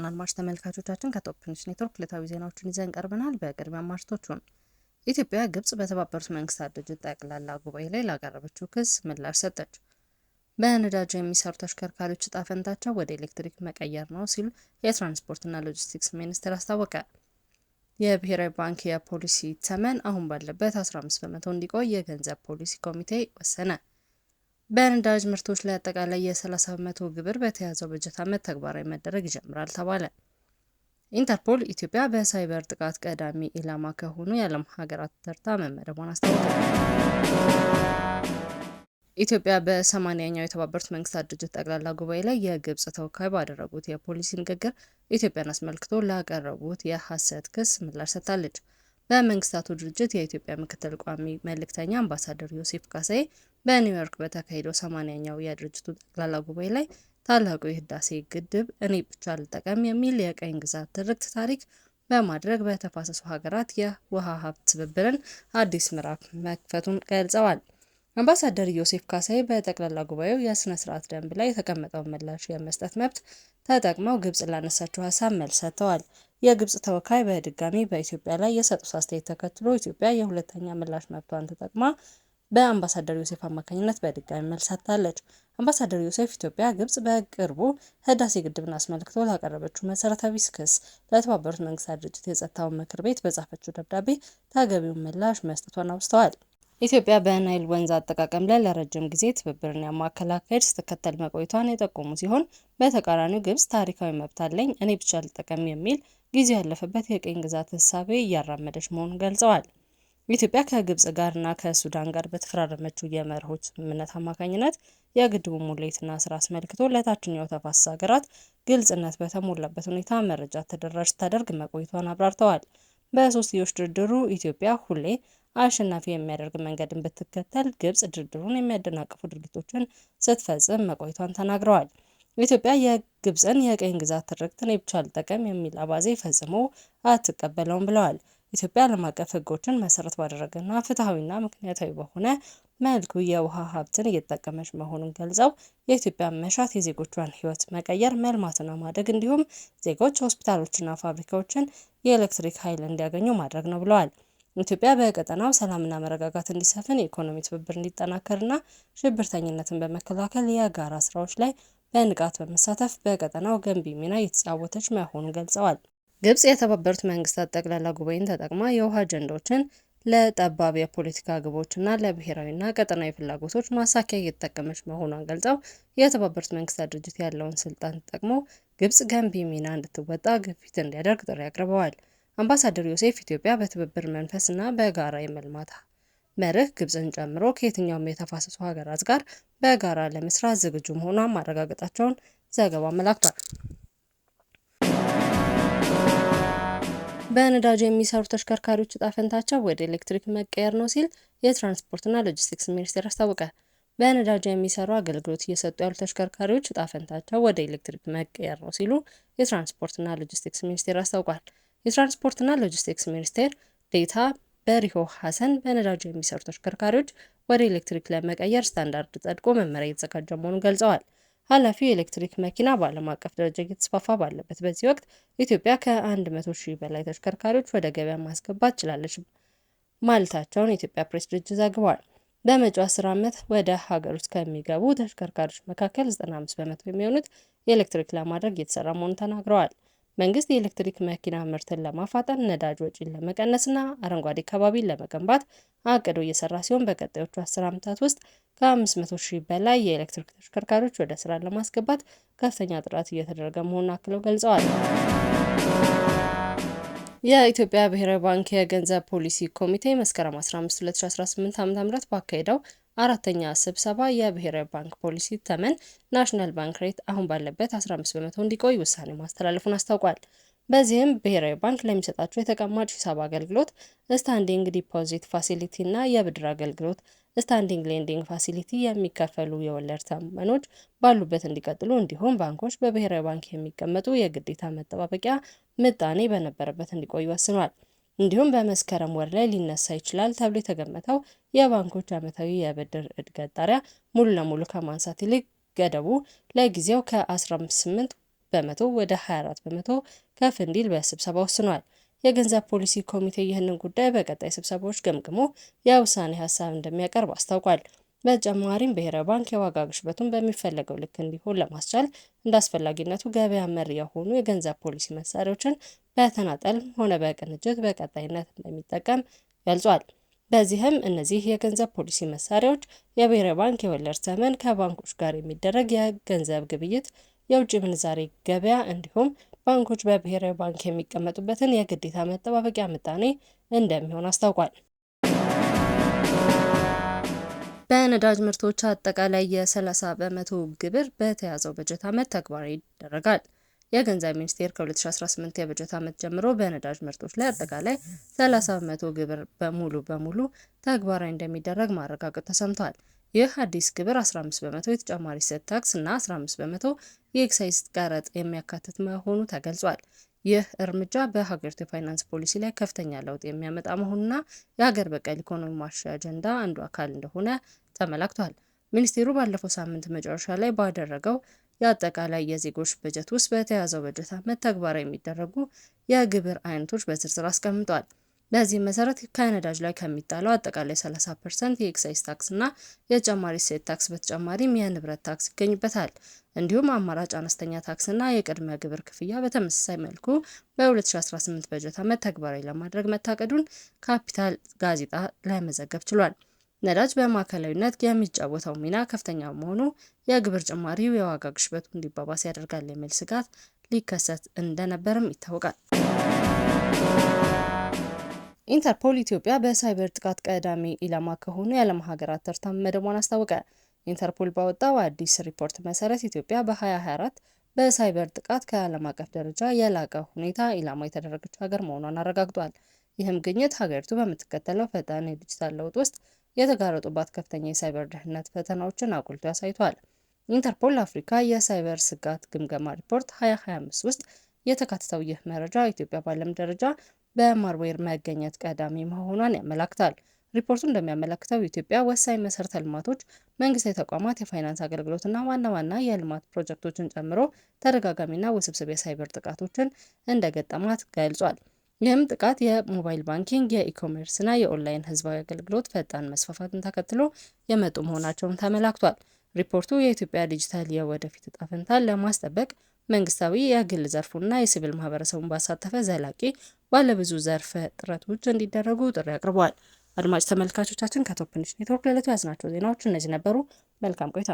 ውስጥና አድማጭ ተመልካቾቻችን ከቶፕ ኔትወርክ ዕለታዊ ዜናዎችን ይዘን ቀርበናል። በቅድሚያ አማርቶቹን ኢትዮጵያ ግብጽ በተባበሩት መንግስታት ድርጅት ጠቅላላ ጉባኤ ላይ ላቀረበችው ክስ ምላሽ ሰጠች። በነዳጅ የሚሰሩ ተሽከርካሪዎች ዕጣ ፈንታቸው ወደ ኤሌክትሪክ መቀየር ነው ሲሉ የትራንስፖርትና ሎጂስቲክስ ሚኒስቴር አስታወቀ። የብሔራዊ ባንክ የፖሊሲ ተመን አሁን ባለበት 15 በመቶ እንዲቆይ የገንዘብ ፖሊሲ ኮሚቴ ወሰነ። በነዳጅ ምርቶች ላይ አጠቃላይ የ30 በመቶ ግብር በተያዘው በጀት ዓመት ተግባራዊ መደረግ ይጀምራል ተባለ። ኢንተርፖል ኢትዮጵያ በሳይበር ጥቃት ቀዳሚ ኢላማ ከሆኑ የዓለም ሀገራት ተርታ መመደቧን አስታወቀ። ኢትዮጵያ በሰማንያኛው የተባበሩት መንግስታት ድርጅት ጠቅላላ ጉባኤ ላይ የግብጽ ተወካይ ባደረጉት የፖሊሲ ንግግር ኢትዮጵያን አስመልክቶ ላቀረቡት የሐሰት ክስ ምላሽ ሰጥታለች። በመንግስታቱ ድርጅት የኢትዮጵያ ምክትል ቋሚ መልእክተኛ አምባሳደር ዮሴፍ ካሳዬ በኒውዮርክ በተካሄደው ሰማንያኛው የድርጅቱ ጠቅላላ ጉባኤ ላይ ታላቁ የህዳሴ ግድብ እኔ ብቻ ልጠቀም የሚል የቀኝ ግዛት ትርክት ታሪክ በማድረግ በተፋሰሱ ሀገራት የውሃ ሀብት ትብብርን አዲስ ምዕራፍ መክፈቱን ገልጸዋል። አምባሳደር ዮሴፍ ካሳይ በጠቅላላ ጉባኤው የስነ ስርዓት ደንብ ላይ የተቀመጠውን ምላሽ የመስጠት መብት ተጠቅመው ግብጽ ላነሳችው ሀሳብ መልስ ሰጥተዋል። የግብጽ ተወካይ በድጋሚ በኢትዮጵያ ላይ የሰጡት አስተያየት ተከትሎ ኢትዮጵያ የሁለተኛ ምላሽ መብቷን ተጠቅማ በአምባሳደር ዮሴፍ አማካኝነት በድጋሚ መልሳታለች። አምባሳደር ዮሴፍ ኢትዮጵያ ግብጽ በቅርቡ ህዳሴ ግድብን አስመልክቶ ላቀረበችው መሰረታዊ ክስ ለተባበሩት መንግስታት ድርጅት የጸጥታውን ምክር ቤት በጻፈችው ደብዳቤ ተገቢውን ምላሽ መስጠቷን አውስተዋል። ኢትዮጵያ በናይል ወንዝ አጠቃቀም ላይ ለረጅም ጊዜ ትብብርን ያማከለ አካሄድ ስትከተል መቆየቷን የጠቆሙ ሲሆን በተቃራኒው ግብጽ ታሪካዊ መብት አለኝ እኔ ብቻ ልጠቀም የሚል ጊዜው ያለፈበት የቅኝ ግዛት ህሳቤ እያራመደች መሆኑን ገልጸዋል። ኢትዮጵያ ከግብጽ ጋርና ከሱዳን ጋር በተፈራረመችው የመርሆች ስምምነት አማካኝነት የግድቡ ሙሌትና ስራ አስመልክቶ ለታችኛው ተፋሰስ ሀገራት ግልጽነት በተሞላበት ሁኔታ መረጃ ተደራሽ ስታደርግ መቆይቷን አብራርተዋል። በሶስትዮሽ ድርድሩ ኢትዮጵያ ሁሌ አሸናፊ የሚያደርግ መንገድን ብትከተል ግብጽ ድርድሩን የሚያደናቅፉ ድርጊቶችን ስትፈጽም መቆይቷን ተናግረዋል። ኢትዮጵያ የግብጽን የቅኝ ግዛት ትርክት እኔ ብቻ የሚል አባዜ ፈጽሞ አትቀበለውም ብለዋል። ኢትዮጵያ ዓለም አቀፍ ሕጎችን መሰረት ባደረገና ፍትሐዊና ምክንያታዊ በሆነ መልኩ የውሃ ሀብትን እየተጠቀመች መሆኑን ገልጸው የኢትዮጵያ መሻት የዜጎቿን ሕይወት መቀየር፣ መልማትና ማደግ እንዲሁም ዜጎች ሆስፒታሎችና ፋብሪካዎችን የኤሌክትሪክ ኃይል እንዲያገኙ ማድረግ ነው ብለዋል። ኢትዮጵያ በቀጠናው ሰላምና መረጋጋት እንዲሰፍን የኢኮኖሚ ትብብር እንዲጠናከርና ሽብርተኝነትን በመከላከል የጋራ ስራዎች ላይ በንቃት በመሳተፍ በቀጠናው ገንቢ ሚና እየተጫወተች መሆኑን ገልጸዋል። ግብጽ የተባበሩት መንግስታት ጠቅላላ ጉባኤን ተጠቅማ የውሃ አጀንዳዎችን ለጠባብ የፖለቲካ ግቦችና ለብሔራዊና ቀጠናዊ ፍላጎቶች ማሳኪያ እየተጠቀመች መሆኗን ገልጸው የተባበሩት መንግስታት ድርጅት ያለውን ስልጣን ተጠቅሞ ግብጽ ገንቢ ሚና እንድትወጣ ግፊት እንዲያደርግ ጥሪ አቅርበዋል። አምባሳደር ዮሴፍ ኢትዮጵያ በትብብር መንፈስና በጋራ የመልማት መርህ ግብጽን ጨምሮ ከየትኛውም የተፋሰሱ ሀገራት ጋር በጋራ ለመስራት ዝግጁ መሆኗን ማረጋገጣቸውን ዘገባ አመላክቷል። በነዳጅ የሚሰሩ ተሽከርካሪዎች ጣፈንታቸው ፈንታቸው ወደ ኤሌክትሪክ መቀየር ነው ሲል የትራንስፖርትና ሎጂስቲክስ ሚኒስቴር አስታወቀ። በነዳጅ የሚሰሩ አገልግሎት እየሰጡ ያሉ ተሽከርካሪዎች ዕጣ ፈንታቸው ወደ ኤሌክትሪክ መቀየር ነው ሲሉ የትራንስፖርትና ሎጂስቲክስ ሚኒስቴር አስታውቋል። የትራንስፖርትና ሎጂስቲክስ ሚኒስቴር ዴታ በሪሆ ሐሰን በነዳጅ የሚሰሩ ተሽከርካሪዎች ወደ ኤሌክትሪክ ለመቀየር ስታንዳርድ ጸድቆ መመሪያ እየተዘጋጀ መሆኑን ገልጸዋል። ኃላፊው የኤሌክትሪክ መኪና በዓለም አቀፍ ደረጃ እየተስፋፋ ባለበት በዚህ ወቅት ኢትዮጵያ ከ መቶ ሺህ በላይ ተሽከርካሪዎች ወደ ገበያ ማስገባት ችላለች ማለታቸውን የኢትዮጵያ ፕሬስ ድርጅት ዘግቧል። በመጪው አስር ዓመት ወደ ሀገር ውስጥ ከሚገቡ ተሽከርካሪዎች መካከል 95 በመቶ የሚሆኑት ኤሌክትሪክ ለማድረግ እየተሰራ መሆኑን ተናግረዋል። መንግስት የኤሌክትሪክ መኪና ምርትን ለማፋጠን ነዳጅ ወጪን ለመቀነስና አረንጓዴ ከባቢን ለመገንባት አቅዶ እየሰራ ሲሆን በቀጣዮቹ አስር ዓመታት ውስጥ ከ500 ሺህ በላይ የኤሌክትሪክ ተሽከርካሪዎች ወደ ስራ ለማስገባት ከፍተኛ ጥረት እየተደረገ መሆኑን አክለው ገልጸዋል። የኢትዮጵያ ብሔራዊ ባንክ የገንዘብ ፖሊሲ ኮሚቴ መስከረም 15 2018 ዓ.ም ባካሄደው አራተኛ ስብሰባ የብሔራዊ ባንክ ፖሊሲ ተመን ናሽናል ባንክ ሬት አሁን ባለበት 15 በመቶ እንዲቆይ ውሳኔ ማስተላለፉን አስታውቋል። በዚህም ብሔራዊ ባንክ ለሚሰጣቸው የተቀማጭ ሂሳብ አገልግሎት ስታንዲንግ ዲፖዚት ፋሲሊቲ እና የብድር አገልግሎት ስታንዲንግ ሌንዲንግ ፋሲሊቲ የሚከፈሉ የወለድ ተመኖች ባሉበት እንዲቀጥሉ እንዲሁም ባንኮች በብሔራዊ ባንክ የሚቀመጡ የግዴታ መጠባበቂያ ምጣኔ በነበረበት እንዲቆይ ወስኗል። እንዲሁም በመስከረም ወር ላይ ሊነሳ ይችላል ተብሎ የተገመተው የባንኮች ዓመታዊ የብድር እድገት ጣሪያ ሙሉ ለሙሉ ከማንሳት ይልቅ ገደቡ ለጊዜው ከ18 በመቶ ወደ 24 በመቶ ከፍ እንዲል በስብሰባ ወስኗል። የገንዘብ ፖሊሲ ኮሚቴ ይህንን ጉዳይ በቀጣይ ስብሰባዎች ገምግሞ የውሳኔ ሀሳብ እንደሚያቀርብ አስታውቋል። በተጨማሪም ብሔራዊ ባንክ የዋጋ ግሽበቱን በሚፈለገው ልክ እንዲሆን ለማስቻል እንደ አስፈላጊነቱ ገበያ መር የሆኑ የገንዘብ ፖሊሲ መሳሪያዎችን በተናጠል ሆነ በቅንጅት በቀጣይነት እንደሚጠቀም ገልጿል። በዚህም እነዚህ የገንዘብ ፖሊሲ መሳሪያዎች የብሔራዊ ባንክ የወለድ ተመን፣ ከባንኮች ጋር የሚደረግ የገንዘብ ግብይት፣ የውጭ ምንዛሬ ገበያ እንዲሁም ባንኮች በብሔራዊ ባንክ የሚቀመጡበትን የግዴታ መጠባበቂያ ምጣኔ እንደሚሆን አስታውቋል። በነዳጅ ምርቶች አጠቃላይ የ30 በመቶ ግብር በተያዘው በጀት ዓመት ተግባራዊ ይደረጋል። የገንዘብ ሚኒስቴር ከ2018 የበጀት ዓመት ጀምሮ በነዳጅ ምርቶች ላይ አጠቃላይ 30 በመቶ ግብር በሙሉ በሙሉ ተግባራዊ እንደሚደረግ ማረጋገጥ ተሰምቷል። ይህ አዲስ ግብር 15 በመቶ የተጨማሪ እሴት ታክስ እና 15 በመቶ የኤክሳይዝ ቀረጥ የሚያካትት መሆኑ ተገልጿል። ይህ እርምጃ በሀገሪቱ የፋይናንስ ፖሊሲ ላይ ከፍተኛ ለውጥ የሚያመጣ መሆኑና የሀገር በቀል ኢኮኖሚ ማሻሻያ አጀንዳ አንዱ አካል እንደሆነ ተመላክቷል። ሚኒስቴሩ ባለፈው ሳምንት መጨረሻ ላይ ባደረገው የአጠቃላይ የዜጎች በጀት ውስጥ በተያዘው በጀት ዓመት ተግባራዊ የሚደረጉ የግብር አይነቶች በዝርዝር አስቀምጧል። በዚህም መሰረት ከነዳጅ ላይ ከሚጣለው አጠቃላይ 30 ፐርሰንት የኤክሳይዝ ታክስና የጨማሪ እሴት ታክስ በተጨማሪም የንብረት ታክስ ይገኝበታል። እንዲሁም አማራጭ አነስተኛ ታክስና የቅድመ ግብር ክፍያ በተመሳሳይ መልኩ በ2018 በጀት ዓመት ተግባራዊ ለማድረግ መታቀዱን ካፒታል ጋዜጣ ላይ መዘገብ ችሏል። ነዳጅ በማዕከላዊነት የሚጫወተው ሚና ከፍተኛ መሆኑ የግብር ጭማሪው የዋጋ ግሽበቱ እንዲባባስ ያደርጋል የሚል ስጋት ሊከሰት እንደነበርም ይታወቃል። ኢንተርፖል ኢትዮጵያ በሳይበር ጥቃት ቀዳሚ ኢላማ ከሆኑ የዓለም ሀገራት ተርታ መመደቧን አስታወቀ። ኢንተርፖል ባወጣው አዲስ ሪፖርት መሰረት ኢትዮጵያ በ2024 በሳይበር ጥቃት ከዓለም አቀፍ ደረጃ የላቀ ሁኔታ ኢላማ የተደረገች ሀገር መሆኗን አረጋግጧል። ይህም ግኝት ሀገሪቱ በምትከተለው ፈጣን የዲጂታል ለውጥ ውስጥ የተጋረጡባት ከፍተኛ የሳይበር ደህንነት ፈተናዎችን አጉልቶ ያሳይቷል። ኢንተርፖል አፍሪካ የሳይበር ስጋት ግምገማ ሪፖርት 2025 ውስጥ የተካተተው ይህ መረጃ ኢትዮጵያ በዓለም ደረጃ በማርዌር መገኘት ቀዳሚ መሆኗን ያመላክታል። ሪፖርቱ እንደሚያመለክተው ኢትዮጵያ ወሳኝ መሰረተ ልማቶች፣ መንግስታዊ ተቋማት፣ የፋይናንስ አገልግሎትና ዋና ዋና የልማት ፕሮጀክቶችን ጨምሮ ተደጋጋሚና ውስብስብ የሳይበር ጥቃቶችን እንደገጠማት ገልጿል። ይህም ጥቃት የሞባይል ባንኪንግ፣ የኢኮሜርስና የኦንላይን ህዝባዊ አገልግሎት ፈጣን መስፋፋትን ተከትሎ የመጡ መሆናቸውን ተመላክቷል። ሪፖርቱ የኢትዮጵያ ዲጂታል የወደፊት ዕጣ ፈንታን ለማስጠበቅ መንግስታዊ የግል ዘርፉና የሲቪል ማህበረሰቡን ባሳተፈ ዘላቂ ባለብዙ ዘርፈ ጥረቶች እንዲደረጉ ጥሪ አቅርበዋል። አድማጭ ተመልካቾቻችን ከቶፕንሽ ኔትወርክ ለዕለቱ ያዝናቸው ዜናዎች እነዚህ ነበሩ። መልካም ቆይታ።